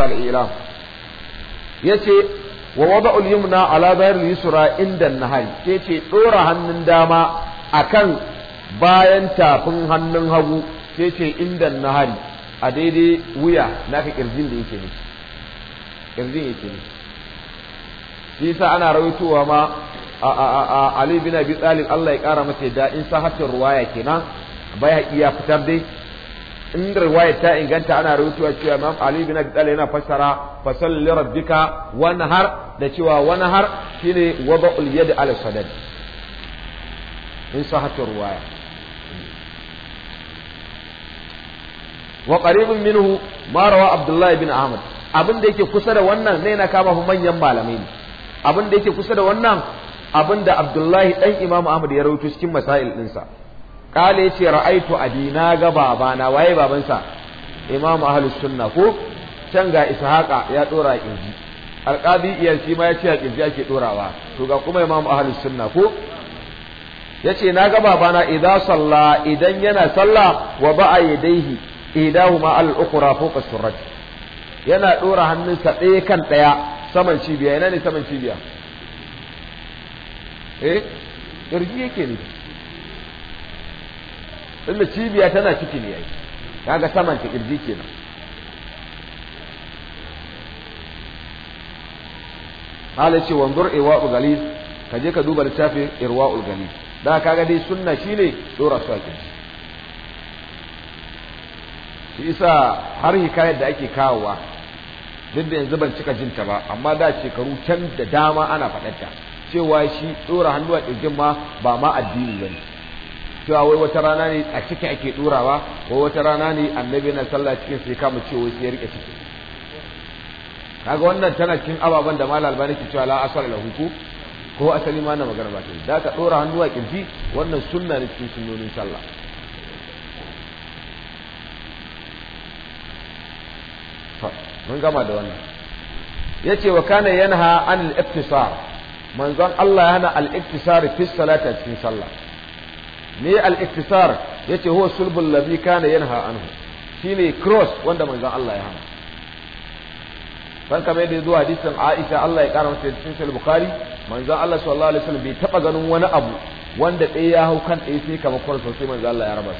al-ilam yace wa wada al-yumna ala dhahir al-yusra inda an-nahari yace dora hannun dama akan bayan tafin hannun hagu yace inda an-nahari a daidai wuya naka kirjin da yake ne kirjin yake ne shi yasa ana rawaitowa ma Ali bin Abi Talib Allah ya kara masa da in sahatin ruwaya kenan bai ya fitar dai in waya ta inganta ana rubutuwa cewa Imam Ali bin Abi Talib yana fassara salli rabbika wanhar da cewa wanhar shine wada'ul yad ala sadad in sahatu riwaya wa qaribun minhu ma rawa Abdullah bin Ahmad abin da yake kusa da wannan ne yana kama manyan malamai ne abin da yake kusa da wannan abin da Abdullahi dan Imam Ahmad ya rawaito cikin masail ɗinsa. kale yace ra'aitu abi na ga babana waye babansa imam ahlus sunna ko can ga ishaqa ya dora kirji alqadi iyal shi ma yace kirji ake dorawa to ga kuma imam ahlus sunna ko yace na ga babana idza salla idan yana salla wa ba'a yadayhi idahuma al-ukhra fuqa surrat yana dora hannunsa ɗaya kan ɗaya saman cibiya yana ne saman cibiya eh kirji yake ne tunda cibiya tana ciki ne ai kaga saman ta kirji kenan qala ce wanzur iwa'u galis ka je ka duba littafin irwa'ul galis da kaga dai sunna shine dora su a kirji shi isa har hikayar da ake kawowa duk da yanzu ban cika jinta ba amma da shekaru can da dama ana ta cewa shi dora hannu a kirjin ma ba ma addini bane cewa wai wata rana ne a ciki ake turawa ko wata rana ne annabi na sallah cikin sai kama ce wai sai ya rike ciki kaga wannan tana cikin ababen da malal bani ke cewa la asal la huku ko asali ma na magana ba ta da ka dora hannu a kirji wannan sunna ne cikin sunnonin sallah mun gama da wannan yace wa kana yanha an al-iftisar manzon Allah yana al-iftisar fi salati cikin sallah me al-iktisar yace huwa sulbul ladhi kana yanha anhu shine cross wanda manzon Allah ya hana san kamar da zuwa hadisin Aisha Allah ya kara mata cikin sahih Bukhari manzon Allah sallallahu alaihi wasallam bai taba ganin wani abu wanda ɗaya ya hau kan ɗaya sai kamar cross sosai, manzan Allah ya raba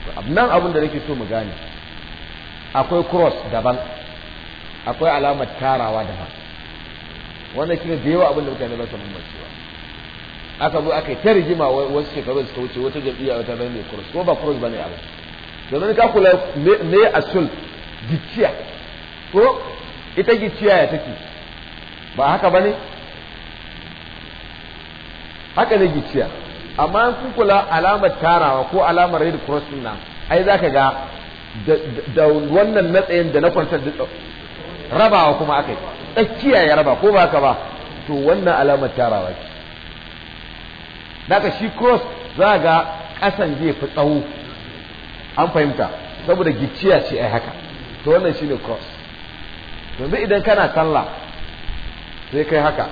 su nan abin da nake so mu gane akwai cross daban akwai alamar tarawa daban wannan shine da yawa abin da mutane ba su mun aka zo aka yi ta rigima wasu shekaru suka wuce wata jam'iyya wata zama mai kurus ko ba kurus ba ne abu domin ka kula me a sul gicciya ko ita gicciya ya take ba haka ba ne haka ne gicciya amma an kun kula alamar tarawa ko alamar red cross din nan ai zaka ga da wannan matsayin da na kwantar da rabawa kuma yi tsakiya ya raba ko ba ka ba to wannan alamar tarawa ce daga shi cross za ga kasan zai fi tsawo an fahimta saboda gicciya ce ai haka to wannan shi ne cross yanzu idan kana sallah sai kai haka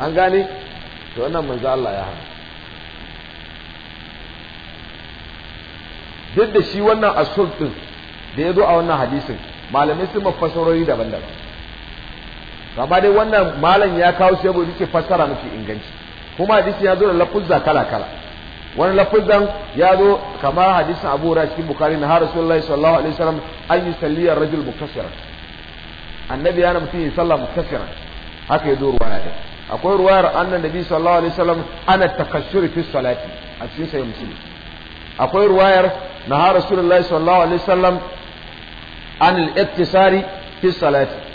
an gane to wannan manzo Allah ya hana duk da shi wannan asul din da ya zo a wannan hadisin malamai sun mafasarori daban-daban amma dai wannan malam ya kawo shi yabo yake fassara mafi inganci kuma hadisin ya zo da lafuzza kala kala wani lafuzzan ya zo kamar hadisin Abu Hurairah cikin Bukhari na Rasulullahi sallallahu alaihi wasallam an yusalli salliyar rajul muktasiran annabi yana mutum ya sallah muktasiran haka ya zo ruwaya da akwai ruwayar annan da bi sallallahu alaihi sallam ana takashshuri fi salati a cikin sahih muslim akwai ruwayar na Rasulullahi sallallahu alaihi wasallam an al-iktisari fi salati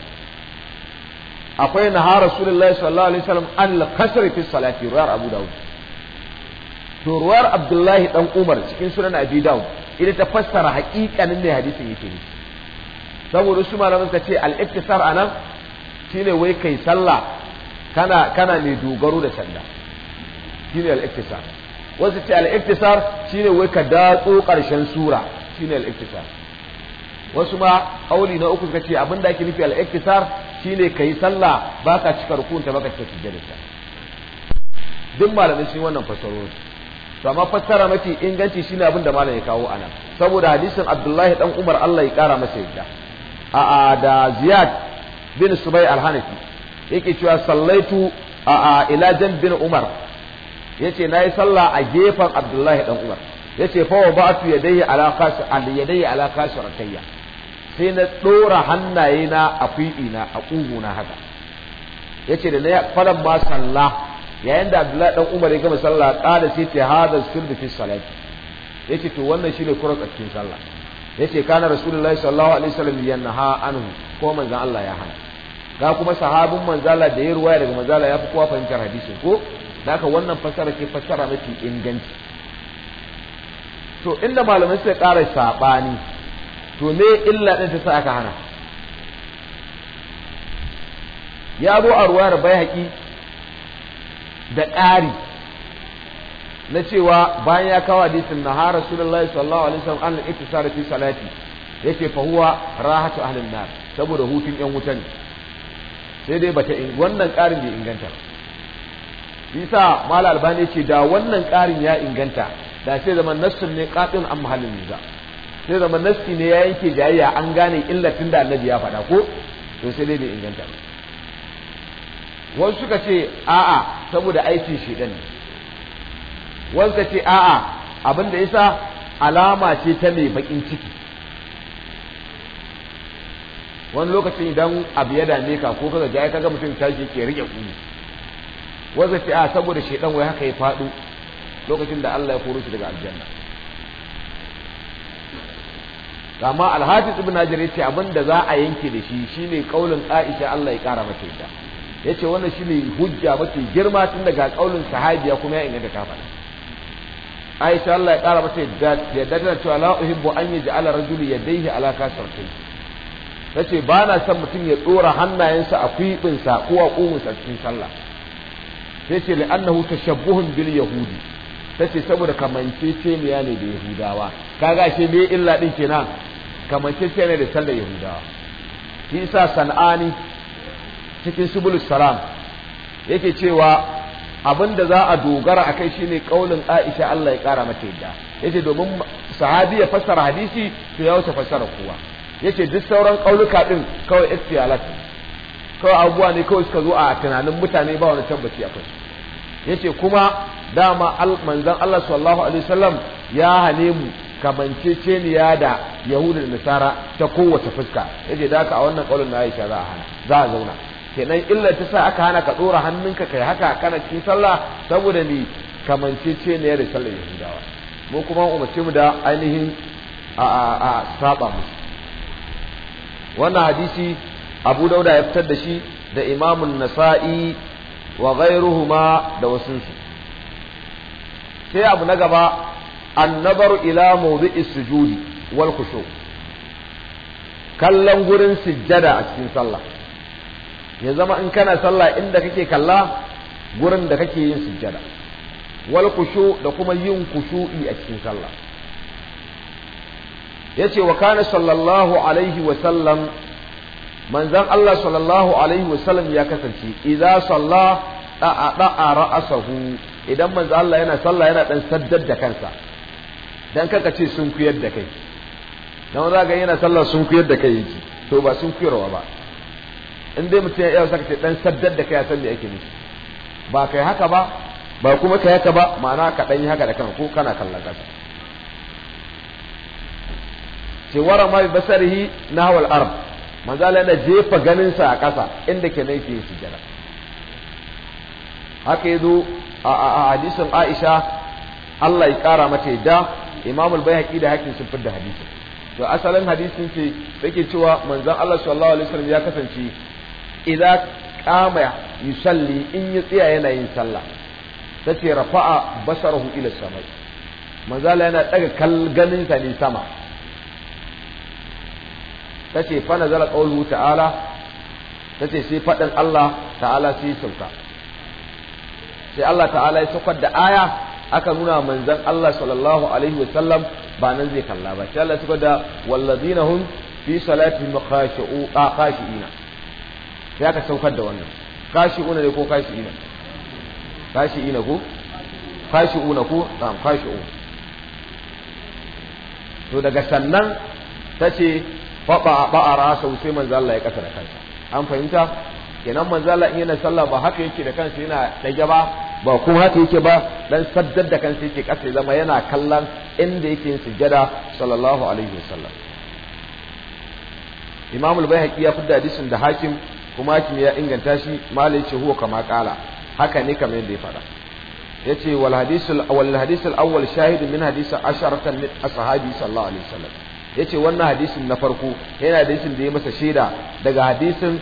akwai naha rasulullahi sallallahu alaihi wasallam an kasar fi salati ruwar abu dawud to ruwar abdullahi dan umar cikin sunan abi dawud ita ta fassara haƙiƙanin ne hadisin yake ne saboda su malaman ka ce al-iktisar anan shine wai kai sallah kana kana ne dogaro da sanda shine al-iktisar wasu ce al-iktisar shine wai ka datso karshen sura shine al-iktisar wasu ma kauli na uku suka ce abinda ake nufi al-iktisar shine kayi sallah baka cika rukunta baka cika ta. duk malamai sun wannan fasaro to amma fassara mafi inganci shine abin da malam ya kawo anan saboda hadisin Abdullahi dan Umar Allah ya kara masa yadda a da Ziyad bin Subay al-Hanafi yake cewa sallaitu a ila bin Umar yace nayi sallah a gefen Abdullahi dan Umar yace fa wa ba'tu yadayhi ala qas al yadayhi ala qasratayya sai na ɗora hannaye na a na a ƙuguna haka ya ce da na falan ma sallah yayin da abdullahi ɗan umar ya gama sallah ƙada sai ta hada sirri fi salati ya ce to wannan shi ne kuras tsakkin cikin sallah ya ce kana rasulullahi sallallahu alaihi wasallam ya na anhu ko manzan Allah ya hana ga kuma sahabin manzala da ya ruwaya daga manzala ya fi kowa fahimtar hadisin ko da haka wannan fassara ke fassara mafi inganci to inda malamai suka ƙara saɓani to me illa ɗin ta sa aka hana ya zo a ruwayar bai da ƙari na cewa bayan ya kawo hadisin na har rasulullahi sallallahu alaihi wasallam an al-ittisar fi salati yace fa huwa rahatu ahlin nar saboda hutun yan wutan, sai dai bata wannan ƙarin bai inganta yasa mala albani ce, da wannan ƙarin ya inganta da sai zaman nassun ne qatun an mahallin niza sai zama nasti ne ya yanke jayayya an gane illatin da annabi ya faɗa ko to sai dai bai inganta ba wasu suka ce a'a saboda aikin shedan ne wasu suka ce a'a abin da yasa alama ce ta mai bakin ciki wani lokacin idan abu ya dame ka ko kaga jaya kaga mutum tashi ke rike kuni wasu ce a saboda shedan wai haka ya faɗo lokacin da Allah ya koro shi daga aljanna amma alhafiz ibn hajar yace abin da za a yanke da shi shine kaulin aisha Allah ya kara mata yadda yace wannan shine hujja mafi girma tun daga kaulin sahabiya kuma ya inganta ta aisha Allah ya kara mata yadda da cewa la uhibbu an yaj'ala rajulu yadayhi ala kasratin tace ba na son mutum ya tsora hannayensa a sa ko a sa cikin sallah yace ce annahu tashabbuhun bil yahudi tace saboda kamance ce ne da yahudawa kaga ashe me illa din kenan ce ne da sallar yahudawa shi isa san'ani cikin subulus salam yake cewa abin da za a dogara a kai shine kaulin Aisha Allah ya kara mata yadda yace domin sahabi ya fassara hadisi to ya wuce fassara kowa yace duk sauran kauluka din kawai istiyalat kawai abubuwa ne kawai suka zo a tunanin mutane ba wani tabbaci akwai yace kuma dama manzon Allah sallallahu alaihi wasallam ya hane mu kamanceceniya da yahudu da nasara ta kowace fuska yaje da haka a wannan kaulin na Aisha za a hana za a zauna kenan illa ta sa aka hana ka dora hannunka kai haka kana cikin sallah saboda ni kamanceceniya da sallar yahudawa mu kuma umarci mu da ainihin a a saba mu wannan hadisi Abu Dauda ya fitar da shi da Imamun Nasa'i wa ghairuhuma da wasunsu sai abu na gaba annabar ila mawdi'i sujudi wal khushu kallon gurin sujjada a cikin sallah ya zama in kana sallah inda kake kalla gurin da kake yin sujjada wal khushu da kuma yin khushu'i a cikin sallah yace wa kana sallallahu alaihi wa sallam manzon Allah sallallahu alaihi wa sallam ya kasance idza salla da'a da'a ra'asahu idan manzon Allah yana sallah yana dan saddar da kansa dan kaka ce sun kuyar da kai dan za ga yana sallah sun kuyar da kai yake to ba sun kuyarwa ba in dai mutum ya iya saka ce dan saddar da kai ya san me yake nufi ba kai haka ba ba kuma kai haka ba ma'ana ka dan yi haka da kan ko kana kallon kasa ce wara ma basarihi nahwal ard manzo Allah yana jefa ganin sa a kasa inda ke nake yake sujjada haka yazo a hadisin Aisha Allah ya kara mata yadda imamul bayhaqi da hakim sun fidda hadisi. to asalin hadisin ce yake cewa manzon Allah sallallahu alaihi wasallam ya kasance idza qama yusalli in ya tsaya yana yin sallah tace rafa'a basarahu ila samai manzon Allah yana daga ganin sa ne sama tace fa nazala qawluhu ta'ala tace sai fadan Allah ta'ala sai sauka sai Allah ta'ala ya saukar da aya aka nuna manzon Allah sallallahu alaihi sallam ba nan zai kalla ba sai Allah suka da walladina hum fi salatihim khashi'una sai aka saukar da wannan khashi'una ne ko khashi'ina khashi'ina ko khashi'una ko tam khashi'u to daga sannan tace faɓa ba'a rasa sai manzo Allah ya kasa da kansa an fahimta kenan manzo Allah in yana sallah ba haka yake da kansa yana dage ba ba kuma haka yake ba dan saddar da kansa yake kasa zama yana kallon inda yake yin sujjada sallallahu alaihi wasallam Imam al-Baihaqi ya fidda hadisin da Hakim kuma Hakim ya inganta shi malai ce huwa kama kala haka ne kamar yadda ya faɗa yace wal hadisul wal hadisul awwal shahidun min hadisi asharatan min ashabi sallallahu alaihi wasallam yace wannan hadisin na farko yana da hadisin da ya masa shaida daga hadisin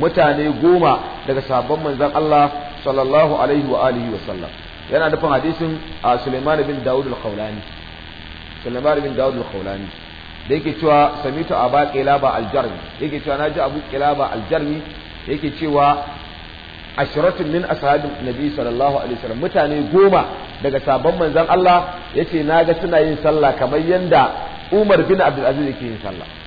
mutane goma daga sabon manzon Allah sallallahu alaihi wa alihi wa sallam yana nufin hadisin a Sulaiman bin Dawud al-Khawlani Sulaiman bin Dawud al-Khawlani da yake cewa samitu aba qilaba al-jarmi yake cewa naji abu qilaba al-jarmi yake cewa ashiratun min ashabin nabi sallallahu alaihi wasallam mutane goma daga sabon manzon Allah yace naga suna yin sallah kamar yanda Umar bin Abdul Aziz yake yin sallah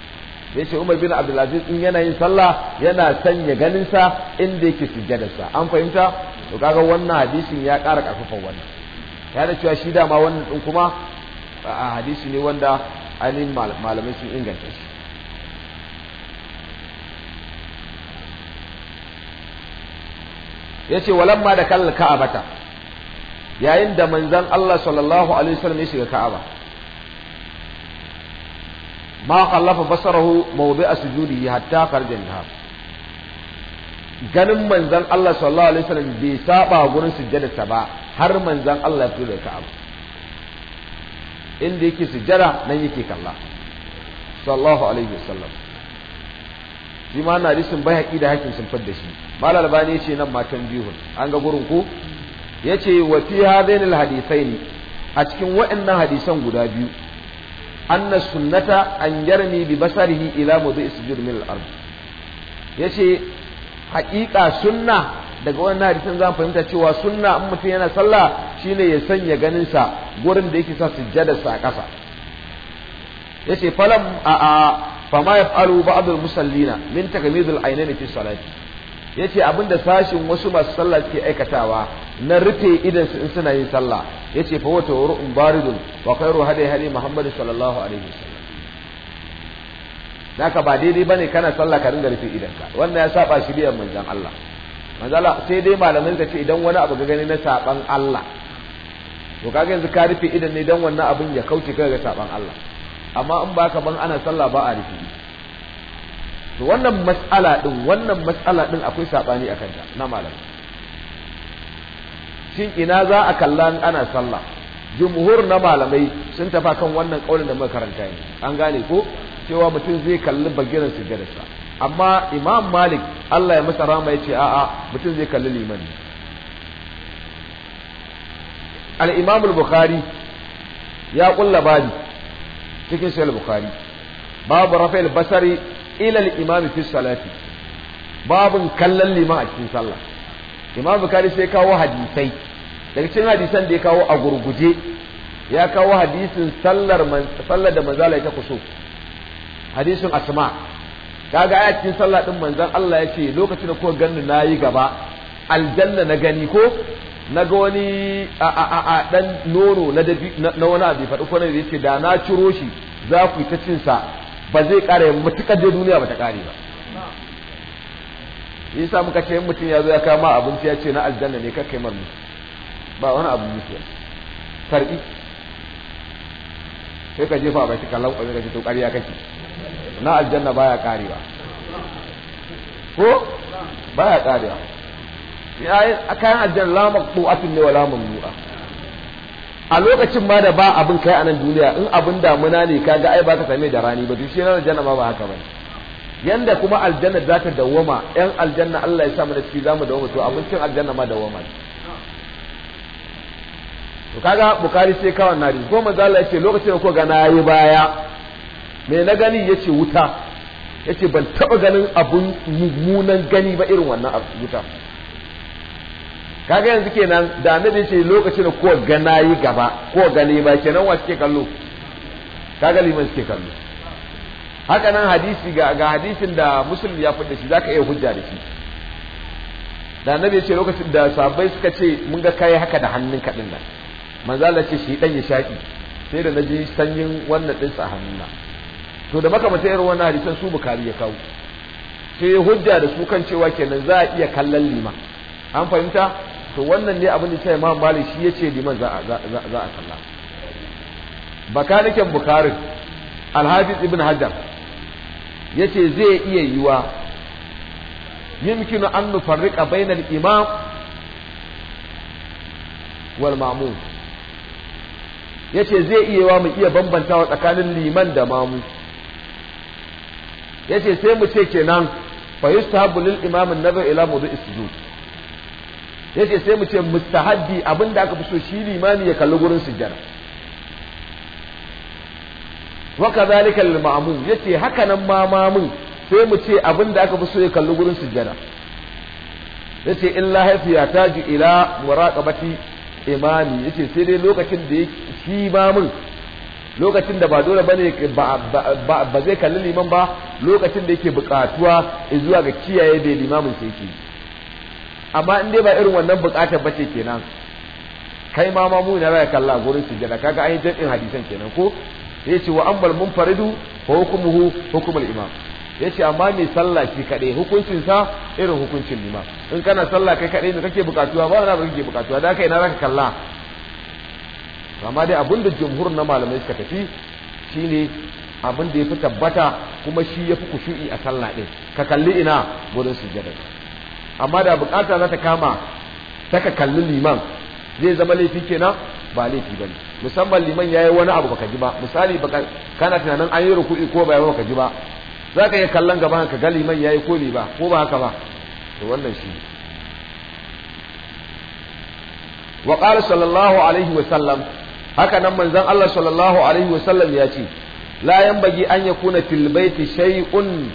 ya ce Umar bin Abdulaziz in yana yin sallah yana sanya ganinsa inda yake sujjadarsa an fahimta to kaga wannan hadisin ya ƙara ƙarfafan wannan ya da cewa shi dama wannan din kuma a hadisi ne wanda ainihin malamai sun inganta shi ya ce walamma da kallon ka'abata yayin da manzan Allah sallallahu alaihi wasallam ya shiga ka'aba ma khallafa basarahu mawdi'a sujudi hatta kharja minha ganin manzon Allah sallallahu alaihi wasallam bai saba gurin ta ba har manzon Allah ya fito da Ka'aba inda yake sujjada nan yake kalla sallallahu alaihi wasallam shi ma na risin bai haƙi da hakin sun fadda shi malal albani ce nan matan bihun an ga gurin ko yace wa fi hadainil hadithaini a cikin waɗannan hadisan guda biyu anna sunnata an yarmi bi basarihi ila mudhi sujud min al-ard yace haƙiƙa sunna daga wannan hadisin za mu fahimta cewa sunna in mutum yana sallah shine ya sanya ganinsa gurin da yake sa sujjadarsa a ƙasa yace falam a a fama yaf'alu ba'd al-musallina min takmid al fi salati yace abinda sashin wasu masu sallah ke aikatawa na rufe idan in suna yin sallah ya ce fa wata ru'un baridun wa khairu hadi hadi muhammadu sallallahu alaihi na ka ba daidai bane kana sallah ka ringa rufe idan ka wannan ya saba shi biyan manzan Allah manzon Allah sai dai malamin ka ce idan wani abu ga gani na saban Allah to kaga yanzu ka rufe idan ne dan wannan abin ya kauce kai ga saban Allah amma in ba ka ban ana sallah ba a rufe to wannan mas'ala din wannan mas'ala din akwai sabani akan ta na malamin shin ina za a kalla ana sallah jumhur na malamai sun tafa kan wannan kaulin da muka karanta ne an gane ko cewa mutum zai kalli bagiran sujjadarsa amma imam malik Allah ya masa rama ya ce a'a mutum zai kalli liman al-imam al-bukhari ya kulla babi cikin sahih al-bukhari babu rafa'il basari ila al-imam fi salati babun kallon liman a cikin sallah imam bukari sai kawo hadisai daga cikin hadisan da ya kawo a gurguje ya kawo hadisin sallar sallar da manzo Allah ya kuso hadisin asma kaga a cikin sallah din manzan Allah ya ce lokacin da kuka ganni nayi gaba aljanna na gani ko na ga wani a a a dan nono na na wani abu faɗi ko ne yace da na ciro shi za ku ta cin sa ba zai ƙara mutukar da duniya ba ta ƙare ba yi sa muka ce mutum ya zo ya kama abinci ya ce na aljanna ne kakai marmu ba wani abu mutuwa karbi sai ka jefa bai kallon kwami ka ce to ƙarya kake na aljanna baya karewa ko baya karewa a kayan aljanna la atin ne wa lamar mamnu'a a lokacin ma da ba abin kai a nan duniya in abin damuna ne kaga ai ba ka same da rani ba to shi na aljanna ma ba haka bane yanda kuma aljanna za ta dawwama yan aljanna Allah ya sa mu da ciki za mu dawwama to abincin aljanna ma dawwama to kaga bukari sai ka wannan hadisi ko manzo Allah yace lokacin da ko ga nayi baya me na gani yace wuta yace ban taba ganin abun mummunan gani ba irin wannan wuta kaga yanzu kenan da da yace lokacin da ko ga nayi gaba ko gani ba kenan wa suke kallo kaga liman suke kallo haka nan hadisi ga ga hadisin da Musulmi ya fada shi zaka iya hujja da shi da annabi ce lokacin da sabai suka ce mun ga kai haka da hannun din nan manzo Allah ce shi dan ya shaki sai da naji sanyin wannan din sa hannuna to da makamantar irin wannan hadisan su bukari ya kawo sai ya hujja da su kan cewa kenan za a iya kallon liman an fahimta to wannan ne abin da ya imam malik shi ya ce liman za a kalla bakaniken bukarin alhafiz ibn hajar yace zai iya yiwa yumkinu an nufarriqa bainal imam wal ma'mum yace zai iya yiwa mu iya bambantawa tsakanin liman da mamu yace sai mu ce kenan fa yustahabbu lil imam an-nazar ila yace sai mu ce mustahabbi abinda aka fi so shi limami ya kalli gurin sujjada wa kadhalika lil ma'mum yace haka nan ma mamun sai mu ce abin da aka fi so ya kalli gurin sujjada yace illa haifiya ta taji ila muraqabati imami yace sai dai lokacin da shi mamun lokacin da ba dole bane ba zai kalli liman ba lokacin da yake bukatuwa zuwa ga kiyaye da limamin sai ke amma in dai ba irin wannan bukatar ce kenan kai ma mamu na ya kalla gurin sujjada kaga ainihin hadisan kenan ko yace wa ammal munfaridu fa hukmuhu al imam yace amma mai sallah shi kade hukuncin sa irin hukuncin imam in kana sallah kai kade ne kake bukatuwa ba na kake bukatuwa da kai na zaka kalla amma dai abinda jumhur na malamai suka tafi shine abin da ya fi tabbata kuma shi ya fi kushu'i a sallah ɗin ka kalli ina wurin sujjada amma da bukata za ta kama ta ka kalli liman zai zama laifi kenan ba laifi bane musamman liman yayi wani abu baka ji ba misali baka kana tunanin an yi ruku'i ko ba baka ji ba zaka iya kallon gaban ka ga liman yayi ko ne ba ko ba haka ba to wannan shi wa qala sallallahu alaihi wa sallam haka nan manzon Allah sallallahu alaihi wa sallam ya ce la yanbaghi an yakuna fil baiti shay'un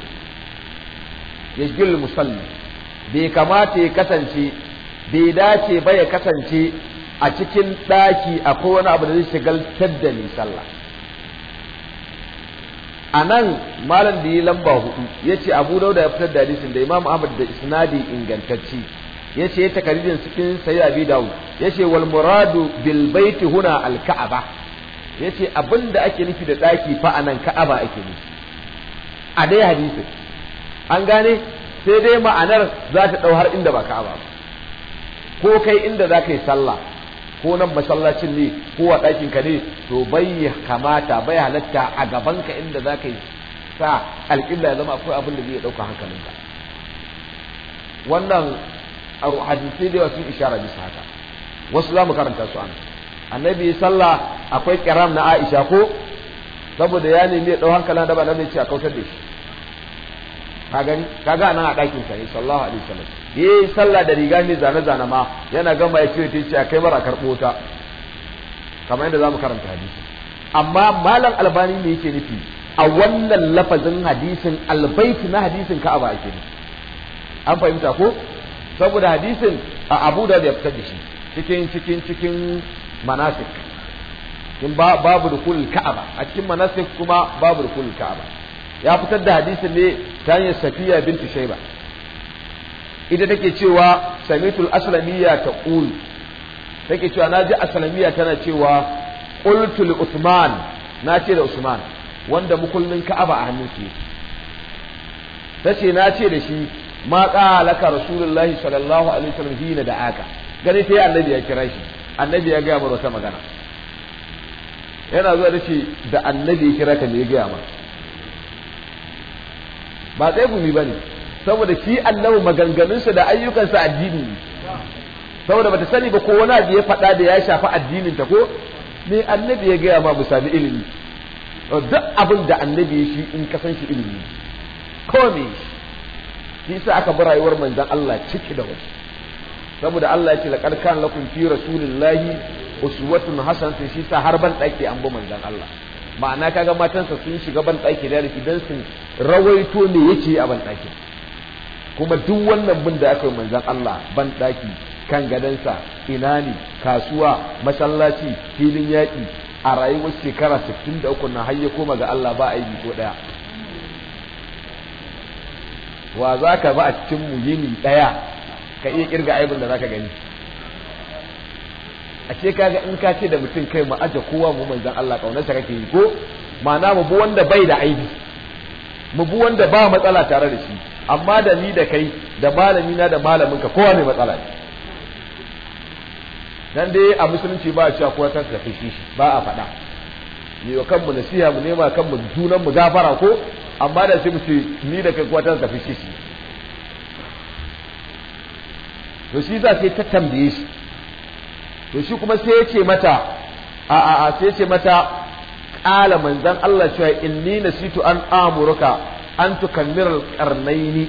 yashghil musalli bai kamata ya kasance bai dace ba ya kasance a cikin ɗaki akwai wani abu da zai shagaltar da ni sallah a nan malam da yi lamba hudu ya ce abu dauda ya fitar da hadisin da imam ahmad da isnadi ingantacci ya ce ya takaririn cikin sayi abi dawo ya ce wal muradu bil baiti huna al ka'aba ya ce abin da ake nufi da ɗaki fa a nan ka'aba ake nufi a dai hadisin an gane sai dai ma'anar za ta ɗau har inda ba ka'aba ba ko kai inda za ka yi sallah ko nan masallacin ne ko a ɗakin ka ne to bai kamata bai halatta a gaban ka inda za ka yi sa alƙilla ya zama akwai abin da zai ɗauka hankalin ka. wannan a hadisai da sun ishara bisa haka wasu za mu karanta su ana annabi salla akwai ƙiram na aisha ko saboda ya nemi ya ɗau hankalin da ba nan ne ce a kautar da shi ka gani kaga nan a ɗakin sa ne sallallahu alaihi wasallam yayi sallah da riga ne zane zane ma yana gama ya ce ce kai bara karɓo ta kamar yadda zamu karanta hadisi amma malam albani ne yake nufi a wannan lafazin hadisin albaiti na hadisin ka'aba ake nufi an fahimta ko saboda hadisin a abu da ya fitar da shi cikin cikin cikin manasik in babu dukul ka'aba a cikin manasik kuma babu dukul ka'aba ya fitar da hadisin ne ta hanyar safiya bintu shaiba ita take cewa samitul aslamiyya ta ta take cewa na ji aslamiyya tana cewa ƙultul usman na ce da usman wanda mukullin ka'aba a hannun Ta ce na ce da shi ma qalaka rasulullahi sallallahu alaihi wasallam hina da aka gani yi annabi ya kira shi annabi ya gaya mara wata magana yana zuwa da ce da annabi ya kira ka me ya gaya mara ba tsaye gumi ba ne saboda shi annabu maganganunsa da ayyukansa addini ne saboda bata sani ba ko wani abu ya faɗa da ya shafi addinin ta ko me annabi ya gaya ma mu sami ilimi duk abin da annabi ya shi in ka san shi ilimi ko me shi sa aka bi rayuwar manzon Allah ciki da wasu saboda Allah ya ce laqad kana lakum fi rasulillahi uswatun hasanatun shi sa har ban daki an bi manzon Allah ma'ana kaga matansa sun shiga ban daki da shi sun rawaito ne yake a banɗaki kuma duk wannan bin da aka yi manzan Allah banɗaki kan gadansa ina ne kasuwa masallaci filin yaƙi a rayuwar shekara 63 na hanyar koma ga Allah ba a yi ko ɗaya wa za ka ba a cikin mu yini ɗaya ka iya kirga aibin da za ka gani a ce kaga in ka ce da mutum kai mu aje kowa mu manzan Allah ƙaunarsa kake yi ko ma'ana mu bi wanda bai da aibi mu bi wanda ba matsala tare da shi amma da ni da kai da malami na da malamin ka kowa mai matsala ne dan dai a musulunci ba a cewa kowa kan ka fishi shi ba a faɗa ni wa kanmu nasiha mu nema kanmu junan mu gafara ko amma da sai mu ce ni da kai kowa kan ka fishi shi to shi za sai ta tambaye shi to shi kuma sai ya ce mata a a a sai ya ce mata kala manzan Allah cewa inni nasitu an amuruka an tukammira alƙarnaini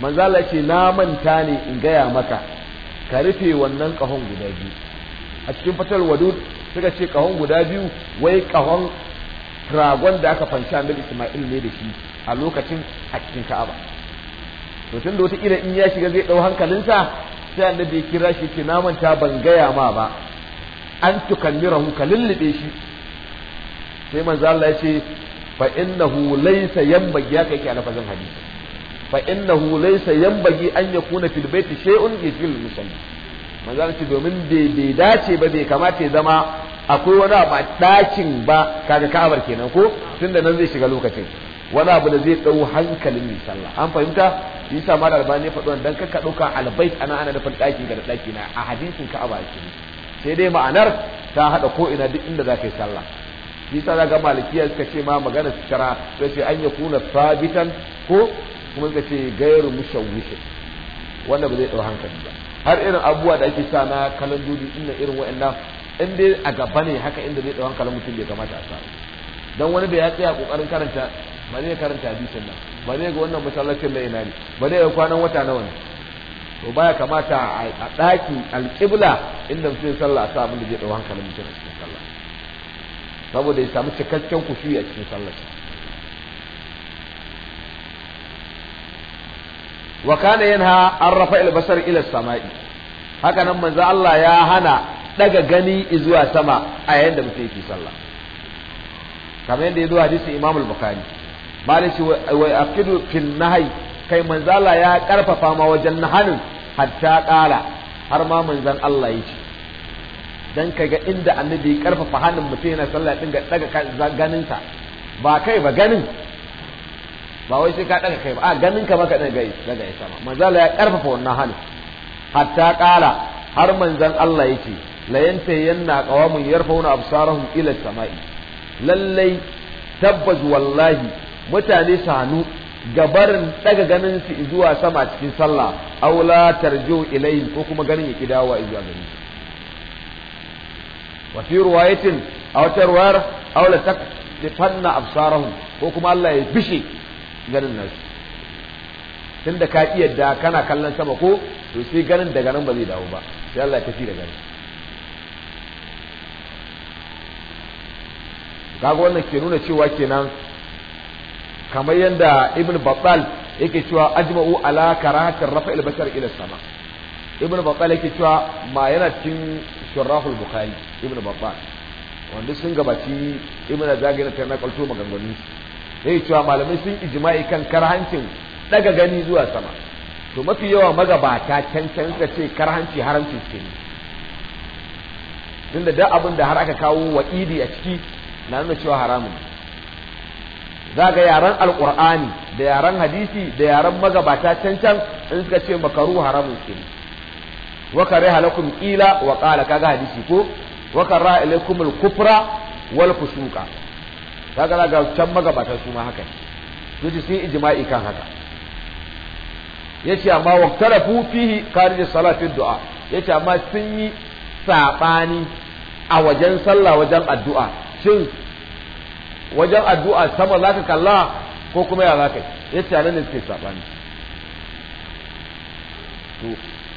manzan Allah ce na manta ne in gaya maka ka rufe wannan kahon guda biyu a cikin fatal wadud suka ce kahon guda biyu wai kahon ragon da aka fanci annabi Isma'il ne da shi a lokacin a cikin Ka'aba to tunda wata kila in ya shiga zai dau hankalinsa sai annabi ya kira shi ce na manta ban gaya ma ba an tukammirahu ka lullube shi sai manzo Allah ya ce fa innahu laysa yanbaghi ya kai lafazin hadisi fa innahu laysa yanbaghi an yakuna fil baiti shay'un yajil musalli manzo Allah ce domin bai dace ba bai kamata ya zama akwai wani abu a ɗakin ba kaga ka'abar kenan ko tunda nan zai shiga lokacin wani abu da zai ɗau hankalin mai sallah an fahimta yi sa ma da albani faɗi wannan kaka ɗauka albait ana ana da ɗaki ga ɗaki na a hadisin ka'aba ke sai dai ma'anar ta haɗa ko ina duk inda za ka yi sallah yasa za ga malikiya suka ce ma magana su shara sai ce an ya kuna sabitan ko kuma suka ce gairu mushawishin wanda ba zai ɗau hankali ba har irin abubuwa da ake sa na dubi inda irin wa'annan in dai a gaba ne haka inda zai ɗau hankalin mutum bai kamata a sa dan wani da ya tsaya kokarin karanta ba zai karanta hadisin nan ba zai ga wannan masallacin la ina ne ba zai ga kwanan wata nawa ne to baya kamata a ɗaki alƙibla inda mutum sallah a sa abin da zai ɗau hankalin mutum a cikin sallah saboda ya samu cikakken kushuyi a cikin sallar wa kana yanha an rafa albasar ila sama'i haka nan manzo Allah ya hana daga gani zuwa sama a yayin da mutum yake sallah kamar yadda ya zo hadisin Imam al-Bukhari malishi wa aqidu fil nahyi kai manzo Allah ya karfafa ma wajen nahanin hatta ƙara. har ma manzon Allah yake dan ga inda annabi ya karfafa hannun mutum yana sallah din ga daga ganinsa ba kai ba ganin ba wai sai ka daga kai ba a ganin ka maka daga daga sama manzala ya karfafa wannan hannun hatta kala har manzon Allah yake la yantayanna qawamun yarfauna absarahum ila samai lallai tabbas wallahi mutane su hannu gabarin daga ganin su zuwa sama cikin sallah aula tarjo ilayhi ko kuma ganin ya ki dawowa zuwa gare wa fi ruwayatin a wata ruwayar aula ta fanna absarahum ko kuma Allah ya bishe ganin nasu tunda ka iya da kana kallon sama ko to sai ganin daga nan ba zai dawo ba sai Allah ya tafi da ganin kaga wannan ke nuna cewa kenan kamar yadda ibn battal yake cewa ajma'u ala karahatir rafa'il bashar ila sama ibn battal yake cewa ma yana cikin shurrahul bukhari ibnu babban wanda sun gabaci ibnu zagir ta nakalto maganganun su yayi cewa malamai sun ijma'i kan karhancin daga gani zuwa sama to mafi yawa magabata can can suka ce karhanci haramci ce ne tunda da abin da har aka kawo wa a ciki na nuna cewa haramun za ga yaren alkur'ani da yaran hadisi da yaran magabata cancan can in suka ce makaru haramun ce ne wa kariha lakum qila wa qala kaga hadisi ko wa kariha al-kufra wal fusuqa kaga ga can magabatan su ma haka to ji sun ijma'i kan haka yace amma wa tarafu fihi du'a amma sun yi saɓani a wajen sallah wajen addu'a shin wajen addu'a sama ka kalla ko kuma ya zaka yace nan ne suke sabani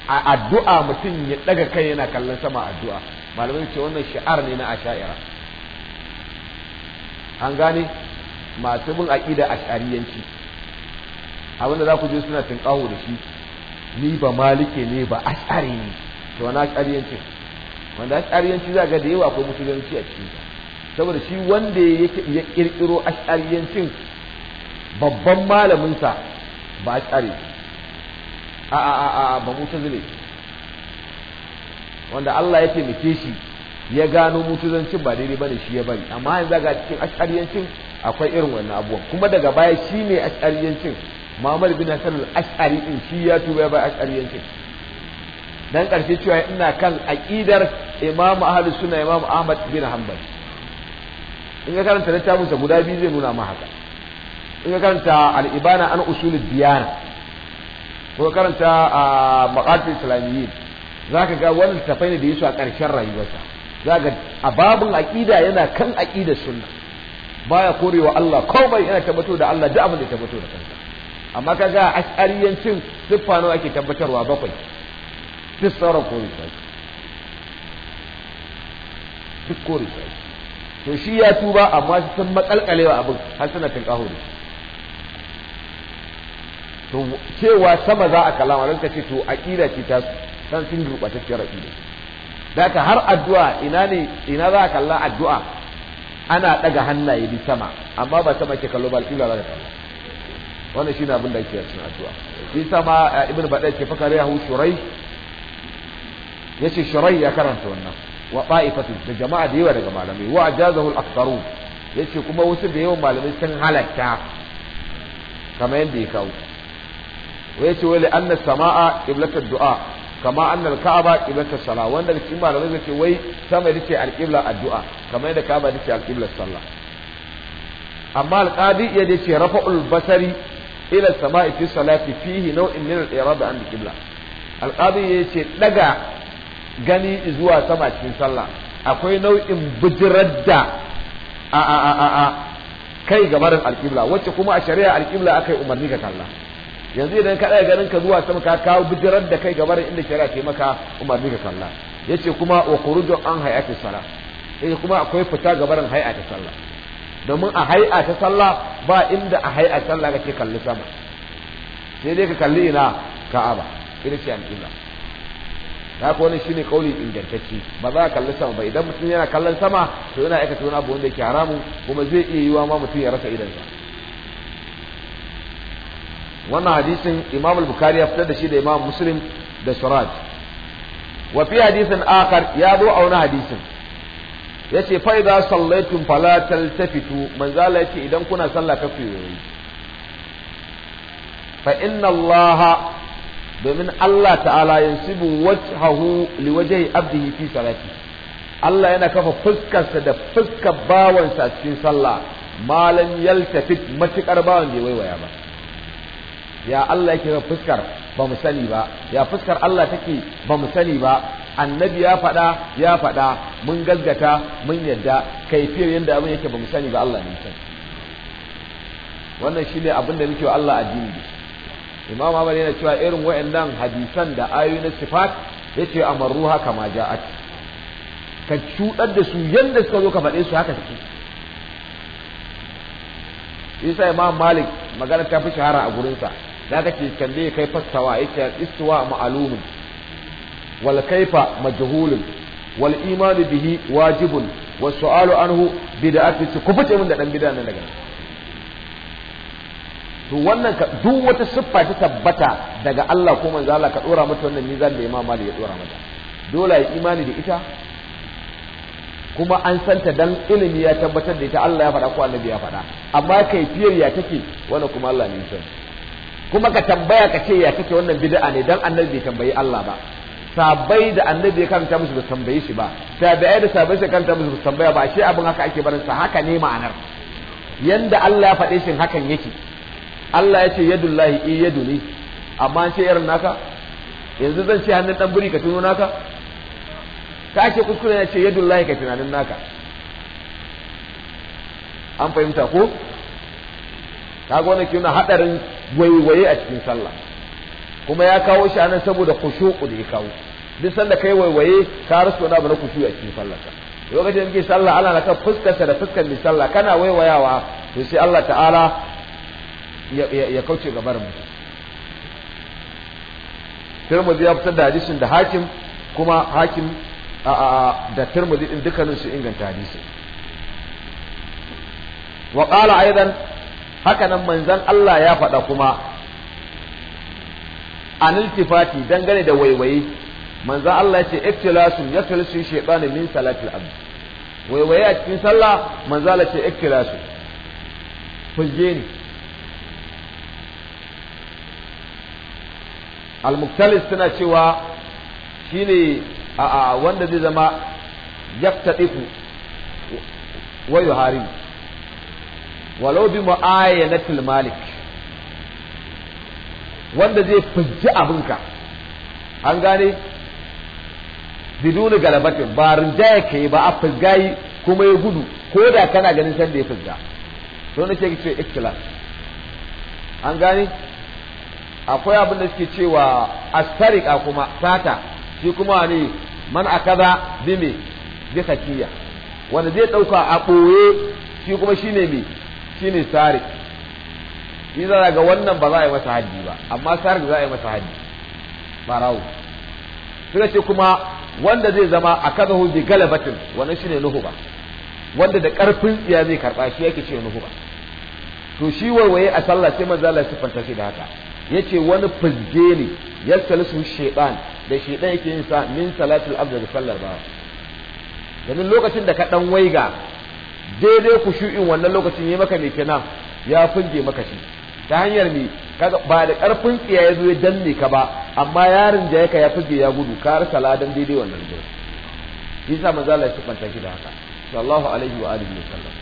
a addu'a mutum ya daga kai yana kallon sama addu'a malamai ce wannan shi'ar ne na asha'ira an gane masu bin aqida ash'ariyanci abinda za ku je suna tunƙaho da shi ni ba malike ne ba a tsari ne to wani ash'ariyanci wanda a ash'ariyanci za ga da yawa akwai musulunci a cikin saboda shi wanda ya kirkiro ash'ariyancin babban malamin sa ba ne. a a a ba wanda Allah ya taimake shi ya gano mutuzancin ba daidai bane shi ya bari amma yanzu ga cikin ashariyancin akwai irin wannan abubuwan kuma daga baya shi ne ashariyancin Muhammad bin Hassan al-Ash'ari din shi ya tuba ya bai ashariyancin dan karshe cewa ina kan aqidar Imam Ahlus Sunna Imam Ahmad bin Hanbal in ka karanta littafinsa guda biyu zai nuna ma haka in ka karanta al-Ibana an usulul diyana ko karanta a maqatil islamiyyin zaka ga wannan tafai ne da yasu a ƙarshen rayuwarsa zaka a babun aqida yana kan aqida sunna baya korewa Allah komai yana tabbato da Allah da abin da tabbato da kansa amma kaga ash'ariyancin siffano nawa ake tabbatarwa bakwai duk sauran kore sai duk kore sai to shi ya tuba amma sun makalkalewa abin har suna tinkaho da to cewa sama za a kalama don ka ce to aƙida ce ta san sun gurɓatacciyar aƙida da ka har addu'a ina ne ina za a kalla addu'a ana ɗaga hannaye bi sama amma ba sama ke kallo ba alƙibla za ka kalla wannan shine abin da ake yin addu'a shi sama eh, ibn badai ke fakar yahu shurai ce shurai ya karanta wannan wa qa'ifatu da jama'a da yawa daga malamai wa a ajazahu al Ya ce kuma wasu da yawan malamai sun halatta kamar yadda ya kawo wa ce wali anna samaa qiblatud du'a kama anna al-ka'aba qiblatus sala wanda da cikin malamai ce wai sama yake al-qibla addu'a kama yadda ka'aba yake al-qibla sallah amma al-qadi ya ce rafa'ul basari ila samai fi salati fihi naw'in min al-irada an al-qibla al-qadi ce daga gani zuwa sama cikin sallah akwai nau'in bijirar da a a a a kai gabarin al-qibla wacce kuma a shari'a al-qibla akai umarni ga kalla yanzu idan ka ɗaya ganin ka zuwa sama ka kawo bijirar da kai gabar inda shari'a ke maka umarni ka kalla yace kuma wa khurujun an hay'ati salah eh kuma akwai fita gabaran hay'a sallah domin a hay'a sallah ba inda a hay'a sallah kake kalli sama sai dai ka kalli ina ka'aba ina ce al-qibla haka wani ne kauli ingantacci. ba za a kalli sama ba idan mutum yana kallon sama to yana aikata wani abu wanda yake haramu kuma zai iya yiwa ma mutum ya rasa idansa wannan hadisin imam al-bukhari ya fitar da shi da imam muslim da suraj wa fi hadisin akhar ya zo a wani hadisin yace fa idza sallaitum fala taltafitu manzo yace idan kuna sallah ka ku yi fa inna Allaha domin Allah ta'ala yansibu wajhahu liwajhi abdihi fi salati Allah yana kafa fuskarsa da fuskar bawansa cikin sallah malam yaltafit matukar bawan bai waiwaya ba ya Allah yake ga fuskar ba mu sani ba ya fuskar Allah take ba mu sani ba annabi ya faɗa ya faɗa mun gaggata mun yadda kaifiyar yadda abin yake ba mu sani ba Allah ne san wannan shine abin da muke wa Allah addini Imam Ahmad yana cewa irin wayannan hadisan da ayoyi na sifat yace amarruha kama ja'at ka cuɗar da su yadda suka zo ka faɗe su haka suke yasa imam malik magana ta fi shahara a gurinsa da kake kalle kai fassawa yake istiwa ma'lumun wal kaifa majhulun wal iman bihi wajibun was su'alu anhu bid'atu ku fice mun da dan bid'a nan daga to wannan ka duk wata siffa ta tabbata daga Allah ko manzo Allah ka dora mata wannan mizan da imama Malik ya dora mata dole ya imani da ita kuma an santa dan ilimi ya tabbatar da ita Allah ya faɗa ko annabi ya faɗa amma kai fiyar ya take wannan kuma Allah ne ya sani kuma ka tambaya ka ce ya kake wannan bid'a ne dan annabi bai tambayi Allah ba sabai da annabi ya karanta musu ba tambayi shi ba tabi'ai da sabai sai karanta musu ba tambaya ba shi abin haka ake barin sa haka ne ma'anar yanda Allah ya faɗe shin hakan yake Allah ya ce yadullahi i yaduni amma sai irin naka yanzu zan ce hannun dan buri ka tuno naka ka ce kuskure ya ce yadullahi ka tunanin naka an fahimta ko kaga wannan ke na hadarin waiwaye a cikin sallah kuma ya kawo shi anan saboda khushu'u da ya kawo duk sanda kai waiwaye ka rasu wani abu na khushu'u a cikin sallah lokacin da kake sallah Allah na kan fuskarsa da fuskar mai sallah kana waiwayawa to sai Allah ta'ala ya kauce gabar mu. Tirmidhi ya fitar da hadisin da hakim kuma hakim da Tirmidhi din dukkanin su inganta hadisin wa qala aidan haka nan manzan Allah ya faɗa kuma aniltifati dangane da waiwaye manzan Allah ya ce iktilasun ya talisu shaytan min salatil abu. waiwaye a cikin sallah manzan Allah ce iktilasu fujje ni al-muktalis suna cewa shine a wanda zai zama yaqtadifu wa yuharibu walau bi mu'ayyanatil malik wanda zai fujji abinka an gane biduni galabatin ba rinjaya ka yi ba a fuzgayi kuma ya gudu ko da kana ganin sanda ya fujga to nake ce ikhlas an gane akwai abin da suke cewa astarika kuma sata shi kuma ne man akaza bi me bi hakiya wanda zai dauka a boye shi kuma shine me shine sarik ni za ga wannan ba za a yi masa haddi ba amma sarik za a yi masa haddi farawo suka ce kuma wanda zai zama a kaza bi galabatin wannan shine nuhu ba wanda da karfin tsiya zai karba shi yake ce nuhu ba to shi waiwaye a sallah sai manzo Allah sifanta shi da haka ce wani fizge ne yaskalisu shaytan da shaytan yake yin sa min salatul abd da sallar ba domin lokacin da ka dan waiga daidai ku shu'in wannan lokacin ya maka mai kenan ya funge maka shi ta hanyar me ba da karfin tsiya ya zo ya danne ka ba amma yarin da yaka ya fuge ya gudu ka rasa ladan daidai wannan gurin shi manzo Allah ya sifanta shi da haka sallallahu alaihi wa alihi wasallam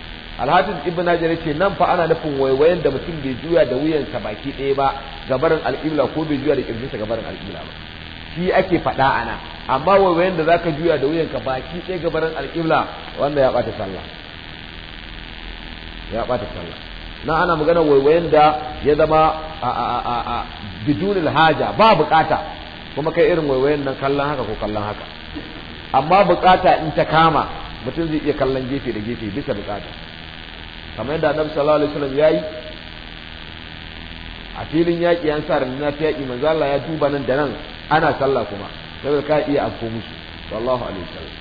alhafiz ibn hajar yace nan fa ana nufin waiwayen da mutum bai juya da wuyansa baki ɗaya ba gabarin al'ibla ko bai juya da sa gabarin al'ibla ba shi ake faɗa ana amma waiwayen da zaka juya da wuyanka baki ɗaya gabarin al'ibla wanda ya bata sallah ya bata sallah na ana magana waiwayen da ya zama a a a a bidunil haja ba bukata kuma kai irin waiwayen nan kallon haka ko kallon haka amma bukata in ta kama mutum zai iya kallon gefe da gefe bisa bukata kamar yadda annabi sallallahu alaihi wasallam yayi a filin yaƙi an sa na ta yaƙi manzo Allah ya duba nan da nan ana sallah kuma saboda ka iya afko musu sallallahu alaihi wasallam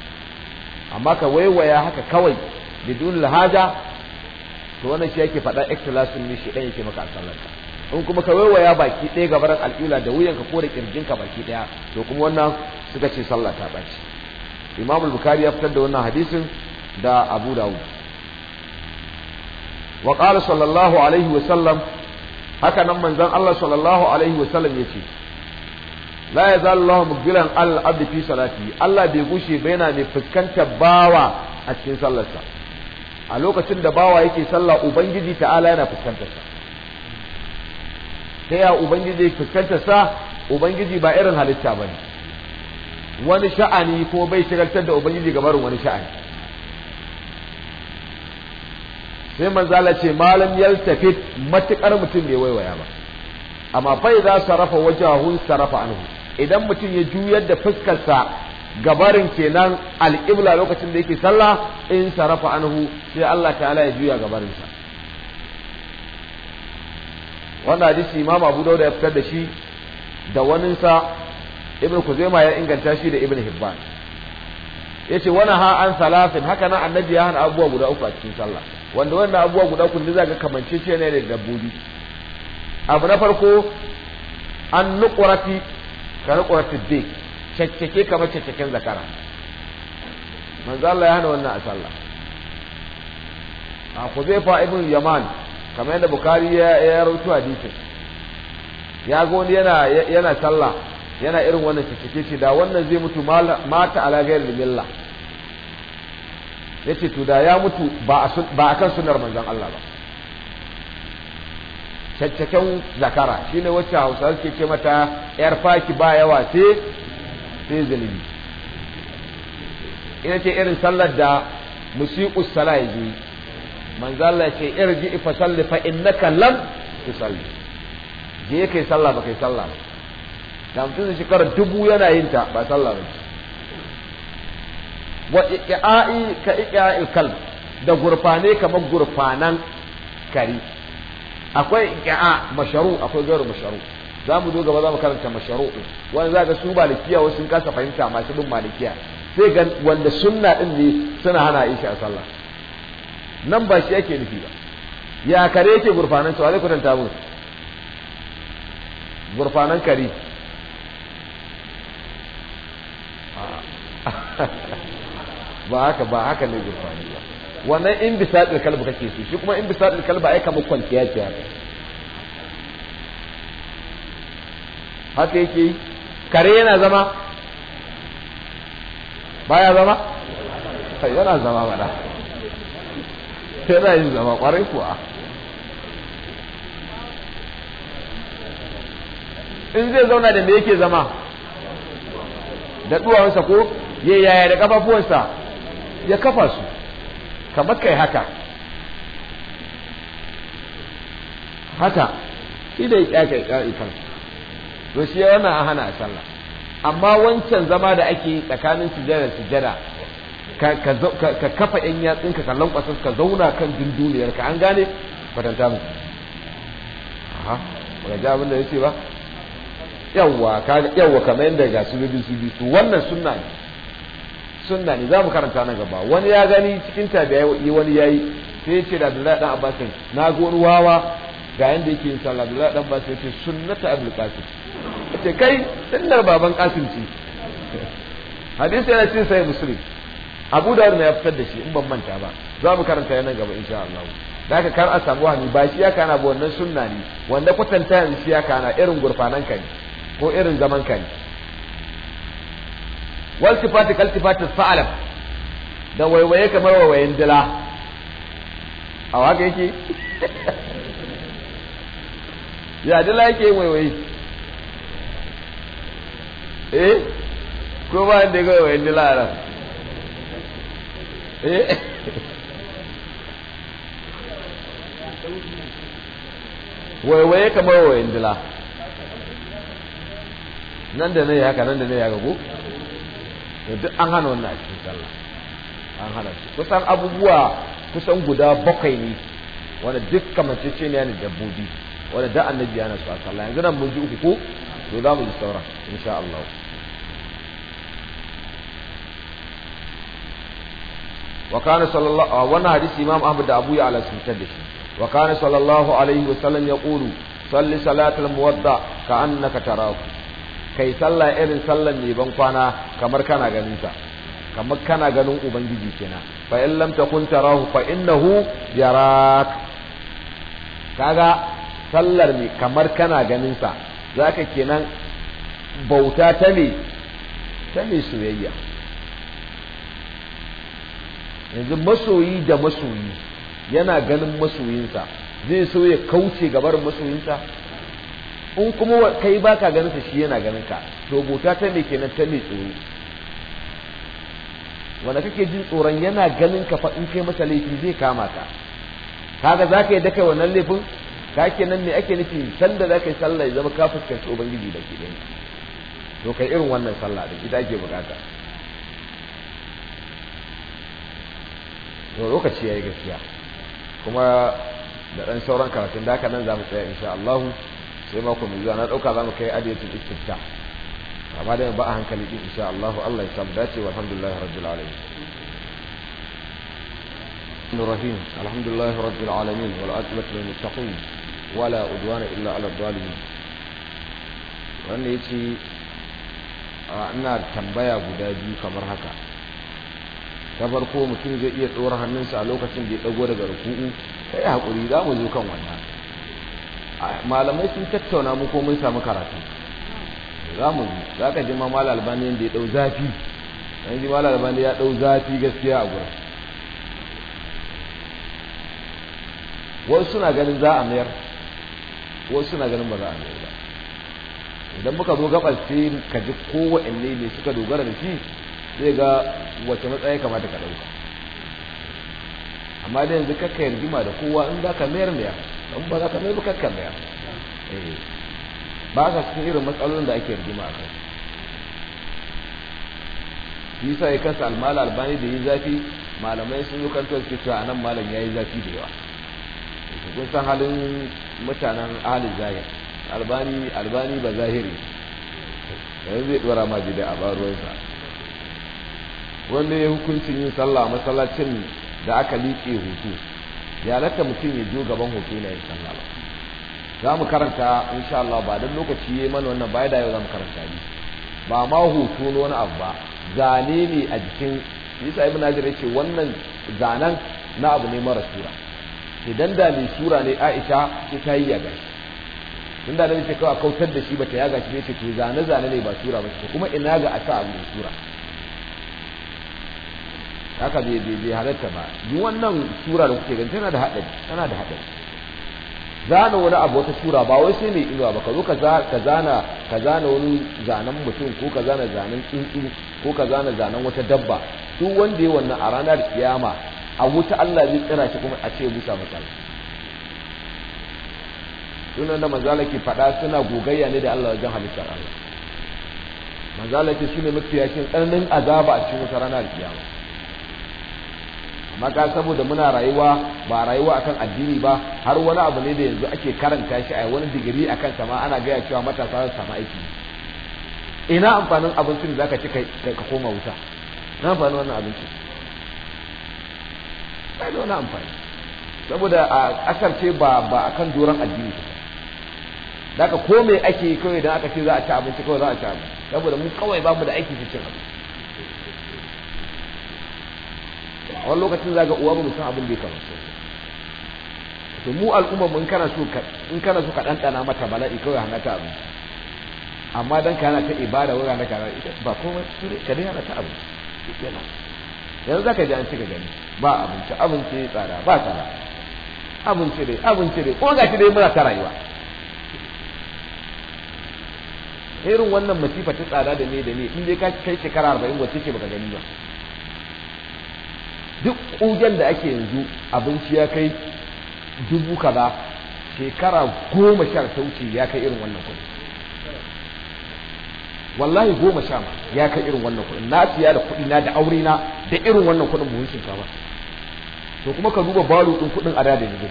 amma ka waiwaya haka kawai bidunil lahaja to wannan shi yake faɗa ikhtilasin ne shi dan yake maka asalan in kuma ka waiwaya baki ɗaya gabaran alƙila da wuyanka ko da ƙirjinka baki ɗaya to kuma wannan suka ce sallah ta ɓaci imam al ya fitar da wannan hadisin da abu dawud wa qala sallallahu alaihi wa sallam haka nan manzon Allah sallallahu alaihi wa sallam yace la yazal Allah mugbilan al-abd fi salati Allah bai gushe ba yana mai fuskantar bawa a cikin sallarsa a lokacin da bawa yake sallah ubangiji ta'ala yana fuskantar sa ta ya ubangiji fuskantar sa ubangiji ba irin halitta bane wani sha'ani ko bai shigaltar da ubangiji ga barin wani sha'ani sai manzala ce malam yaltafit matukar mutum bai waiwaya ba amma fa idza sarafa wajahu sarafa anhu idan mutum ya juyar da fuskarsa gabarin kenan alƙibla lokacin da yake sallah in sarrafa anhu sai Allah ta'ala ya juya gabarinsa wannan hadisi imam abu dauda ya fitar da shi da waninsa ibn kuzaima ya inganta shi da ibn hibban yace wana ha an salasin haka nan annabi ya hana abubuwa guda uku a cikin sallah wanda wannan abubuwa guda uku ne zaka kamance ce ne da dabbobi abu na farko an nuqrati ka nuqrati dik caccake kamar caccaken zakara manzo Allah ya hana wannan a sallah a ku Huzaifa ibn Yaman kamar yadda bukari ya ya rawaito hadisin ya ga wani yana yana sallah yana irin wannan caccake ce da wannan zai mutu mata ala da billah yace to da ya mutu ba a kan sunar manzon Allah ba caccaken zakara shi ne wacce Hausa ke ce mata yar faki ba yawa ce sai zunubi ina ce irin sallar da musiqus sala yaji manzala Allah ce ji ifa salli fa innaka lam salli je kai sallah ba kai sallah ba da mutum shekarar dubu yana yin ta ba sallah ba wa iqa'i ka iqa'il kalb da gurfane kamar gurfanan kari akwai iqa masharu akwai gairu masharu za mu zo gaba za mu karanta masharu'u wanda za ga su malikiya wasu sun kasa fahimta masu bin malikiya sai ga wanda sunna din ne suna hana aisha a sallah nan ba shi yake nufi ba ya kare yake gurfanan cewa zai kwatanta mu gurfanan kare ba haka ba haka ne gurfani ba wannan in ɗin kalba kake su shi kuma in ɗin kalba ai kamar kwanciya ce haka haka yake yi kare yana zama baya zama yana zama mana yana yin zama kwarai kuwa in zai zauna da me yake zama da duwawansa ko ya yaya da kafafuwansa ya kafa su kamar kai haka haka idan ya kyaka ya to shi wannan hana a sallah amma wancan zama da ake tsakanin sujada sujada ka kafa yan yatsin ka lankwasa ka zauna kan dunduniyar ka an gane kwatanta mu aha ba ji abin da yace ba yawwa kama yawwa kamar yadda ga su bibi su bi su wannan sunna ne sunna ne za mu karanta na gaba wani ya gani cikin yi wani yayi sai ya ce da Abdullahi dan Abbas na ga wani wawa ga yanda yake yin sallah Abdullahi dan Abbas ya ce sunnata Abdul Qasim ce kai sunnar baban kasim ce hadisi yana cin sai muslim abu da ya fitar da shi in ban manta ba za mu karanta yanan gaba in sha Allah da ka kar a samu hani ba shi ya kana ba wannan sunna ne wanda kwatanta yanzu shi ya kana irin gurfanan ka ne ko irin zaman ka ne wal sifati kal sifati sa'alam da waiwaye kamar waiwayen dila a waka yake ya dila yake waiwaye eh ko ba da ga wai dila lara eh wai wai kamar wai dila nan da ne haka nan da ne haka ko duk an hana wannan a cikin sallah an hana su kusan abubuwa kusan guda bakwai ne wanda duk kamacece ne ne dabbobi wanda da annabi yana su a sallah yanzu nan mun ji uku ko to za mu ji sauran insha Allah wa kana sallallahu wannan hadisi imam ahmad da abu ya ala sun tada shi wa kana sallallahu alaihi wasallam ya qulu salli salatul muwadda ka annaka tarahu kai sallah irin sallan ne ban kwana kamar kana ganin sa kamar kana ganin ubangiji kenan fa in lam takun tarahu fa innahu yarak kaga sallar ne kamar kana ganin sa zaka kenan bauta ta ne ta ne soyayya yanzu masoyi da masoyi yana ganin masoyinsa zai so ya kauce gabar masoyinsa in kuma kai baka ganin shi yana ganin ka to bota ta me kenan ta me tsoro wanda kake jin tsoron yana ganin ka fa in kai masa laifi zai kama ka kaga zaka yi kai wannan laifin ka kenan me ake nufi sanda zaka yi sallah ya zama ka fuskanci ubangiji da ke to kai irin wannan sallah din ita ake bukata to lokaci yi gaskiya kuma da ɗan sauran karatun da haka nan za mu tsaya insha Allah sai mako mai zuwa na ɗauka za mu kai adiyatul istifta amma da ba a hankali din insha Allah Allah ya samu dace wa alhamdulillah rabbil alamin الرحيم الحمد alamin. رب tambaya guda biyu kamar haka ta farko mutum zai iya tsoron hannunsa a lokacin da ya ɗago daga ruku'u ta yi hakuri za mu zo kan wannan malamai sun tattauna mu ko mun samu karatu za mu zo za ka ji ma mal albani da ya dau zafi an ji mala albani ya dau zafi gaskiya a gurin wasu suna ganin za a mayar wasu suna ganin ba za a mayar ba idan muka zo gabas sai ka ji kowa ne suka dogara da shi zai ga wace matsayi kamata ka ɗauka amma dai yanzu kakka yarjima da kowa in za ka mayar ya in ba za ka mayar ba kakka mayar eh, ba ka cikin irin matsalolin da ake yarjima a kai shi sa ya kasa almala albani da yi zafi malamai sun zo kanto suke cewa anan malam ya yi zafi da yawa eh, kun san halin mutanen ahalin zahir albani albani ba zahiri yanzu zai dora ma jide a baruwarsa wanda ya hukuncin yin sallah a masallacin da aka liƙe hoto ya latta mutum ya jo gaban hoto na yin sallah ba za mu karanta insha Allah ba don lokaci ya mana wannan baya da yau za mu karanta ne ba ma hoto na wani abu ba zane ne a jikin isa ibn hajar ce wannan zanen na abu ne mara sura idan da mai sura ne aisha ta yi ya gashi tunda da ce kawai kautar da shi bata yaga shi ne ce to zane zane ne ba sura ba kuma ina ga a sa abu mai sura haka bai bai halatta ba yi wannan sura da kuke gani tana da haɗari tana da haɗari zana wani abu wata sura ba wai sai mai inuwa ba ka zo ka zana ka zana wani zanen mutum ko ka zana zanen tsuntsu ko ka zana zanen wata dabba duk wanda ya wannan a ranar kiyama a wuta Allah zai tsira shi kuma a ce musa masa sunan da manzala ke faɗa suna gogayya ne da Allah wajen halittar Allah manzala ce shine mafiya cin tsananin azaba a cikin wata ranar kiyama amma saboda muna rayuwa ba rayuwa akan addini ba har wani abu ne da yanzu ake karanta shi a wani digiri akan sama ana gaya cewa matasa za su samu aiki ina amfanin abincin da zaka ci ka koma wuta na amfanin wannan abincin bai da wani amfani saboda a ƙasar ce ba ba akan doron addini ba daga ko me ake kawai idan aka ce za a ci abinci kawai za a ci abinci saboda mu kawai babu da aiki su cin abinci a wani lokacin za ga uwa ba musan abin da ya faru to mu al'umma mun kana so ka in kana so ka ɗanɗana mata bala'i kawai hana ta abu amma dan kana ta ibada wura na kana ba komai ka dai hana ta abinci yanzu za ji an cika gani ba abinci abinci tsada ba tsada abinci dai abinci dai ko gashi dai muna ta rayuwa irin wannan masifa ta tsada da ne da ne in dai ka kai shekara 40 wacce ce baka gani ba duk ƙugen da ake yanzu abinci ya kai dubu kaza shekara goma sha ta wuce ya kai irin wannan kuɗi wallahi goma sha ma ya kai irin wannan kudi na siya da kuɗi na da aure na da irin wannan kuɗin buhun ba to kuma ka duba balu ɗin kuɗin a da yanzu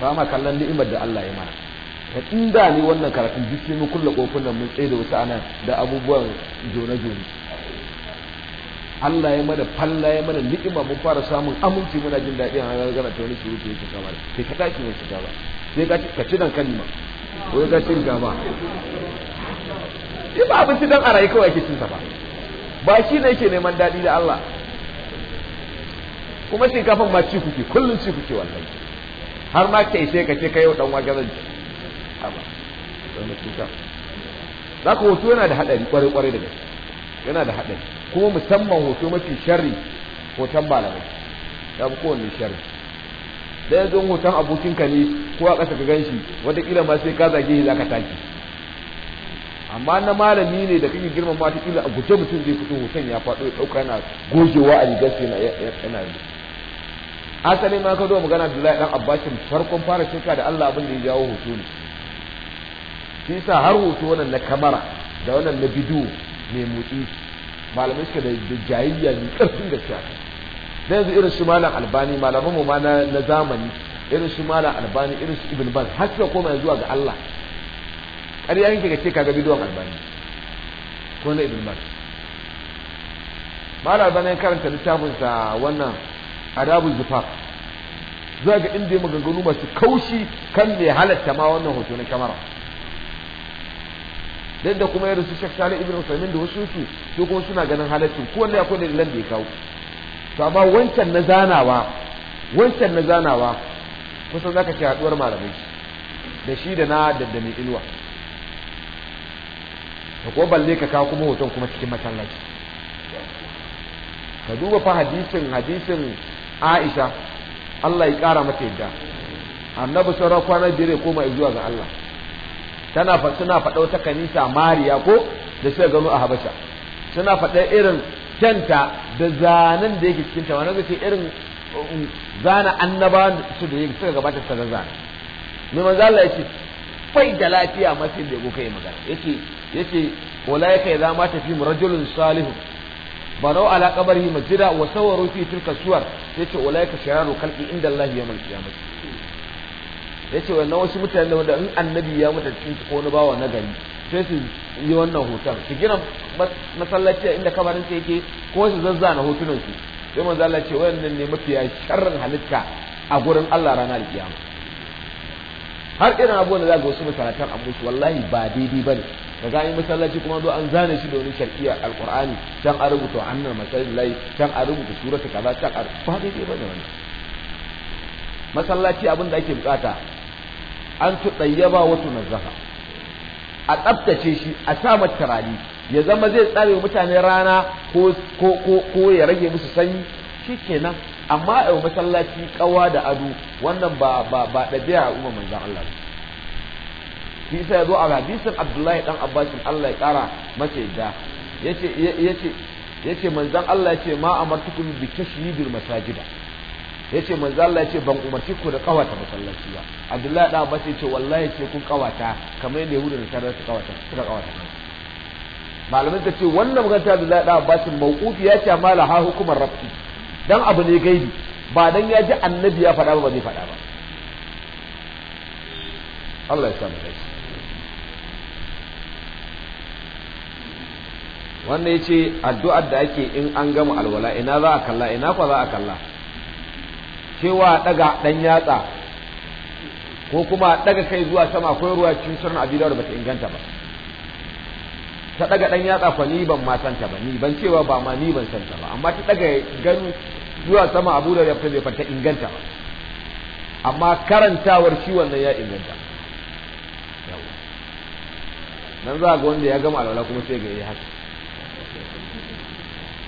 ba ma kallon ni'imar da Allah ya mana da inda ne wannan karatun jikin sai mun kulle kofin mun tsaye da wasu nan, da abubuwan jona-jona. Allah ya mana falla ya mana ni'ima mun fara samun aminci muna jin daɗi a ranar gana ta wani surutu ke shiga ba sai ka tashi mai shiga ba sai ka ka ci dan kalma ko ka ci gaba ba abinci dan a rayu kawai ake cin sa ba ba shi ne yake neman daɗi da Allah kuma shinkafan ma ci kuke kullum ci kuke wallahi har ma kai sai ka ce kai yau dan wagaran ci don dan cuta zaka hoto yana da hadari kwarai kwarai da gaske yana da hadari Kuma musamman hoto mafi sharri hoton malamai ya fi kowanne sharri da yanzu hoton abokinka ne ko a ƙasa ka gan shi wataƙila ma sai ka zage shi za ka taki amma na malami ne da kake girma ma kila a guje mutum zai fito hoton ya faɗo ya ɗauka yana gogewa a rigar sai yana yi asali ma ka zo magana Abdullahi ɗan Abbasin farkon fara shirka da Allah abin da ya jawo hoto ne shi sa har hoto wannan na kamara da wannan na bidiyo mai motsi malamai suka da jayayya mai ƙarfin gaskiya da yanzu irin su malam albani malaman mu ma na zamani irin su malam albani irin su ibn baz har suka koma zuwa ga Allah ƙarya yanke ka ce kaga bidiyon albani ko na ibn baz malam albani ya karanta littafinsa wannan adabu zufaf za ga inda ya maganganu masu kaushi kan mai halatta ma wannan hoto na kamara. dan da kuma ya rasu Sheikh Salih ibn Usaimin da wasu su su kuma suna ganin halaccin ko wanda akwai dalilan da ya kawo to amma wancan na zanawa wancan na zanawa kusan zaka ce haduwar malamai da shi da na da mai ilwa ka ko balle ka kawo kuma hoton kuma cikin masallaci ka duba fa hadisin hadisin Aisha Allah ya kara mata yadda annabi sauran kwana biyar ya koma zuwa ga Allah tana fa suna faɗa ta kanisa mariya ko da suka gano a habasha suna faɗa irin kyanta da zanen da yake cikin ta wani zai irin um, zana annaba su da yake suka gabata suka zana mai manzo Allah yake fai da lafiya masu da yake kai magana yake yake kai za ma tafi rajulun salihun banau ala qabrihi majira wa sawaru fi tilka suwar yace ulaika sharu kalbi inda Allah ya mulki ya ce wannan wasu mutane wanda in annabi ya mutu cikin ko wani bawa na gari sai su yi wannan hoton su gina masallaci inda kabarin sai yake ko su zazzana hotunan su sai manzo Allah ce wannan ne mafi sharrin halitta a gurin Allah ranar kiyama har irin abubuwan da za ga wasu masalatan abu su wallahi ba daidai bane da ga yi masallaci kuma zo an zane shi da wani shar'iyar alqur'ani can a rubuta annar masallaci can a rubuta surata kaza can a ba daidai bane wannan masallaci abin da ake bukata an wasu na tunazzaha a tsaftace shi a sa mata ya zama zai tsare mutane rana ko ya rage musu sanyi shi kenan amma a masallaci kawa da ado wannan ba ba ba a umar manzan Allah shi ya zo a hadisin Abdullahi dan Abbas Allah ya kara masa yadda yace yace yace manzon Allah ce ma amartukum bi tashyidil masajida yace manzo Allah yace ban umarci ku da kawata masallaci ba Abdullahi da sai yace wallahi sai kun kawata kamar yadda Yahudu da Nasara su kawata suka kawata malamin ta ce wannan magana ta Abdullahi da Abbas mawqufi ya ce mala ha hukumar rabbi dan abu ne gaibi ba dan ya ji annabi ya faɗa ba ba zai faɗa ba Allah ya samu dace wannan yace addu'ar da ake in an gama alwala ina za a kalla ina kwa za a kalla cewa daga dan yatsa ko kuma daga kai zuwa sama akwai ruwa cikin sunan abida da bata inganta ba ta daga dan yatsa fa ni ban ma santa ba ni ban cewa ba ma ni ban santa ba amma ta daga gani zuwa sama abu da yafta bai fata inganta ba amma karantawar shi wannan ya inganta nan za ga wanda ya gama alwala kuma sai ga yi haka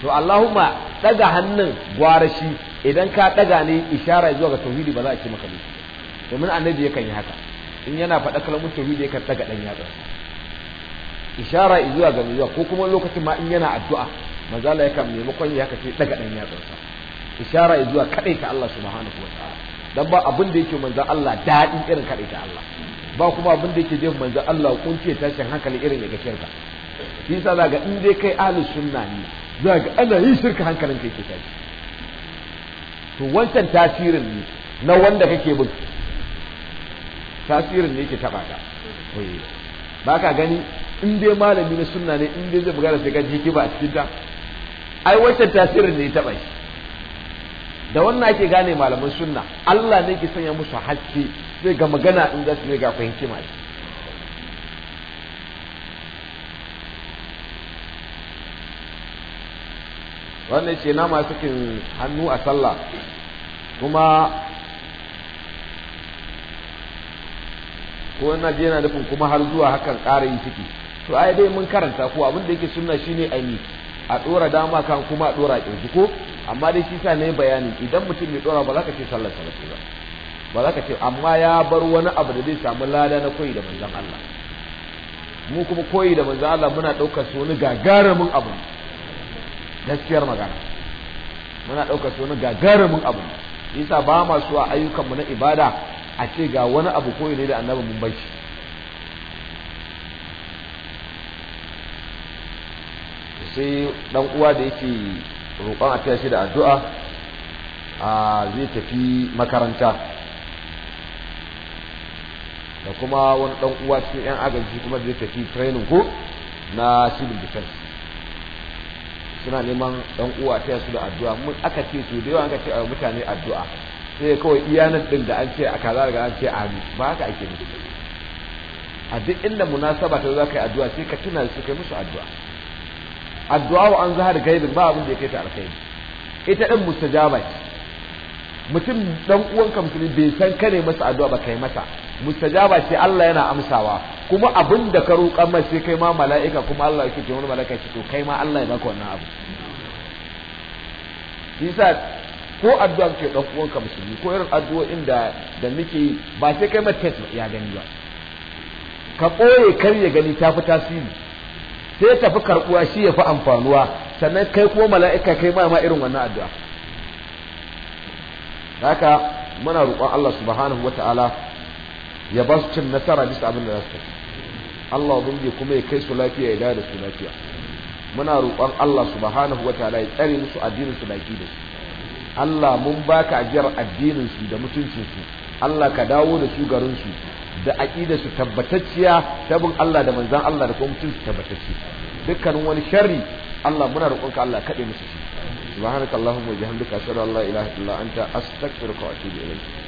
to Allahumma daga hannun gwara shi idan ka daga ne ishara zuwa ga tauhidi ba za a ce maka ne domin annabi yakan yi haka in yana faɗa kalmar tauhidi yakan daga dan yatsa ishara zuwa ga zuwa ko kuma lokacin ma in yana addu'a manzala yakan maimakon ya haka ce daga dan yatsa ishara zuwa kadai ta Allah subhanahu wa ta'ala dan ba abin da yake manzo Allah daɗi irin kadai ta Allah ba kuma abin da yake jefa manzo Allah kunce tashin hankali irin ya ga kirka shi daga ga in dai kai ahlus sunna ne za ga ana yin shirka hankalin ka ke tashi to wancan tasirin ne na wanda kake bin tasirin ne ke taba ka ba ka gani in dai malami na sunna ne in dai zai bugara sai ka ji kiba a cikin ta ai wancan tasirin ne ya taba shi da wannan ake gane malaman sunna Allah ne ke sanya musu hakki sai ga magana in za su ga fahimci mai wannan ce na masu kin hannu a sallah kuma ko na je yana nufin kuma har zuwa hakan ƙara yi ciki to ai dai mun karanta ko abin da yake sunna shine aini a dora dama kan kuma a dora kirji ko amma dai shi sa ne bayani idan mutum bai dora ba za ka ce sallar salatu ba ba za ka ce amma ya bar wani abu da zai samu lada na koyi da manzon Allah mu kuma koyi da manzon Allah muna ɗaukar su wani gagarumin abu gaskiyar magana muna ɗauka su wani gagarumin abu yasa ba ma a ayyukanmu na ibada a ce ga wani abu koyi ne da annabi mun bai sai dan uwa da yake roƙon a tashi da addu'a a zai tafi makaranta da kuma wani dan uwa cikin yan agaji kuma zai tafi training ko na civil defense suna neman dan uwa ta su da addu'a mun aka ce su da yawa aka ce a mutane addu'a sai kawai iyanan din da an ce a kaza daga an ce amin ba haka ake nufi a duk inda munasaba ta za ka yi addu'a sai ka tuna su kai musu addu'a addu'a wa an zahar gaibi ba abin da ya kai ta alkhairi ita din mustajaba mutum dan uwanka mutum bai san kare masa addu'a ba kai masa mustajaba ce Allah yana amsawa kuma abin da ka roƙan mai sai kai ma mala'ika kuma Allah yake ce wani mala'ika ce to kai ma Allah ya baka wannan abu yasa ko addu'a ce dan uwanka musulmi ko irin addu'o'in da da muke yi ba sai kai ma test ya gani ba ka ɓoye kar ya gani ta fi tasiri sai tafi karɓuwa shi ya fi amfanuwa sannan kai kuma mala'ika kai ma irin wannan addu'a haka muna roƙon Allah subhanahu wa ta'ala ya ba su cin nasara bisa abin da za su tafi Allah ubangiji kuma ya kai su lafiya ya dawo da su lafiya muna roƙon Allah subhanahu wataala ya tsare musu addinin su baki da su Allah mun baka ajiyar addinin su da mutuncin su Allah ka dawo da su garin su da aqida su tabbatacciya tabin Allah da manzon Allah da kuma mutuncin su tabbatacce dukkanin wani sharri Allah muna roƙonka Allah kaɗe musu shi subhanakallahumma wa bihamdika ashhadu an la ilaha illa anta astaghfiruka wa atubu ilayk